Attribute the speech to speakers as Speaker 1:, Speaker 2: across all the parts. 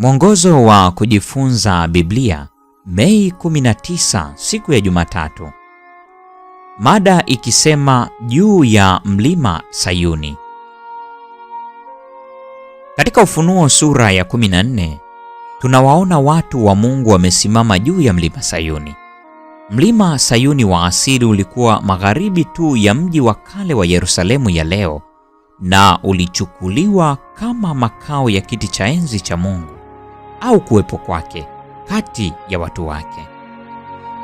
Speaker 1: Mwongozo wa kujifunza Biblia, Mei 19, siku ya Jumatatu. Mada ikisema juu ya mlima Sayuni. Katika Ufunuo sura ya 14 tunawaona watu wa Mungu wamesimama juu ya mlima Sayuni. Mlima Sayuni wa asili ulikuwa magharibi tu ya mji wa kale wa Yerusalemu ya leo na ulichukuliwa kama makao ya kiti cha enzi cha Mungu au kuwepo kwake kati ya watu wake.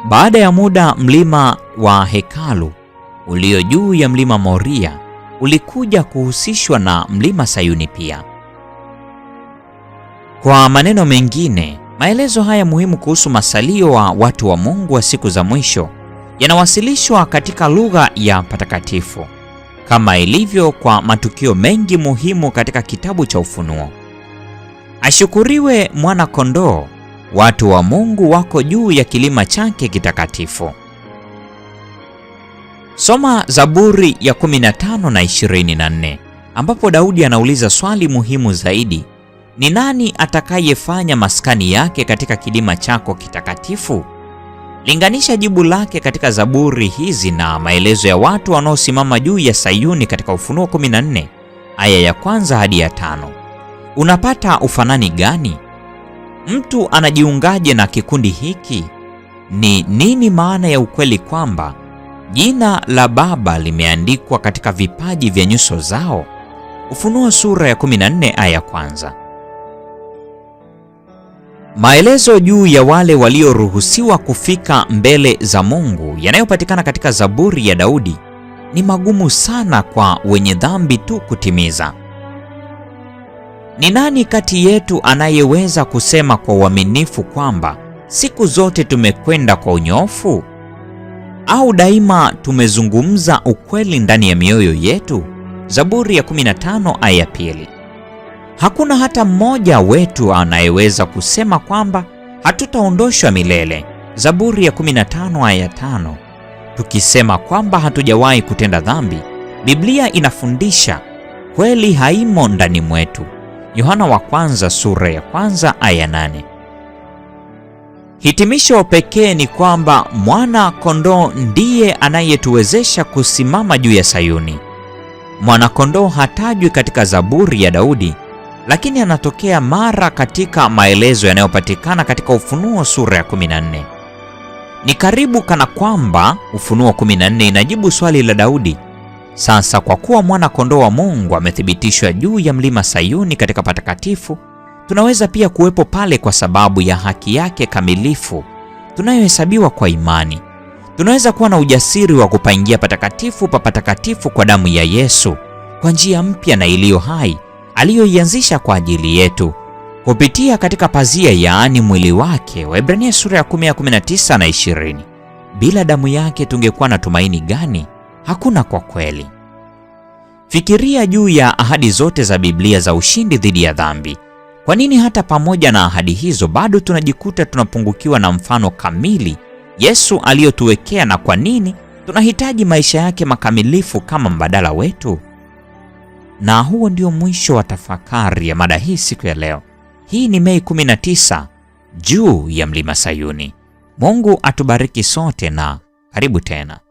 Speaker 1: Baada ya muda, mlima wa hekalu ulio juu ya mlima Moria ulikuja kuhusishwa na mlima Sayuni pia. Kwa maneno mengine, maelezo haya muhimu kuhusu masalio wa watu wa Mungu wa siku za mwisho yanawasilishwa katika lugha ya patakatifu kama ilivyo kwa matukio mengi muhimu katika kitabu cha Ufunuo. Ashukuriwe mwana-kondoo, watu wa Mungu wako juu ya kilima chake kitakatifu. Soma Zaburi ya 15 na 24 ambapo Daudi anauliza swali muhimu zaidi: ni nani atakayefanya maskani yake katika kilima chako kitakatifu? Linganisha jibu lake katika Zaburi hizi na maelezo ya watu wanaosimama juu ya Sayuni katika Ufunuo 14 aya ya kwanza hadi ya tano. Unapata ufanani gani? Mtu anajiungaje na kikundi hiki? Ni nini maana ya ukweli kwamba jina la Baba limeandikwa katika vipaji vya nyuso zao? Ufunuo sura ya 14 aya kwanza. Maelezo juu ya wale walioruhusiwa kufika mbele za Mungu yanayopatikana katika Zaburi ya Daudi ni magumu sana kwa wenye dhambi tu kutimiza. Ni nani kati yetu anayeweza kusema kwa uaminifu kwamba siku zote tumekwenda kwa unyofu au daima tumezungumza ukweli ndani ya mioyo yetu? Zaburi ya 15 aya pili. Hakuna hata mmoja wetu anayeweza kusema kwamba hatutaondoshwa milele. Zaburi ya 15 aya 5. Tukisema kwamba hatujawahi kutenda dhambi, Biblia inafundisha kweli haimo ndani mwetu. Yohana wa kwanza sura ya kwanza aya nane. Hitimisho pekee ni kwamba mwana kondoo ndiye anayetuwezesha kusimama juu ya Sayuni. Mwanakondoo hatajwi katika Zaburi ya Daudi, lakini anatokea mara katika maelezo yanayopatikana katika Ufunuo sura ya 14. Ni karibu kana kwamba Ufunuo 14 inajibu swali la Daudi, sasa kwa kuwa mwana-kondoo wa Mungu amethibitishwa juu ya mlima Sayuni katika patakatifu, tunaweza pia kuwepo pale kwa sababu ya haki yake kamilifu tunayohesabiwa kwa imani. Tunaweza kuwa na ujasiri wa kupaingia patakatifu pa patakatifu kwa damu ya Yesu kwa njia mpya na iliyo hai aliyoianzisha kwa ajili yetu kupitia katika pazia, yaani mwili wake, Waebrania sura ya 10:19 na 20. Bila damu yake tungekuwa na tumaini gani hakuna kwa kweli. Fikiria juu ya ahadi zote za Biblia za ushindi dhidi ya dhambi. Kwa nini hata pamoja na ahadi hizo bado tunajikuta tunapungukiwa na mfano kamili Yesu aliyotuwekea na kwa nini tunahitaji maisha yake makamilifu kama mbadala wetu? Na huo ndio mwisho wa tafakari ya mada hii siku ya leo. Hii ni Mei 19 juu ya Mlima Sayuni. Mungu atubariki sote na karibu tena.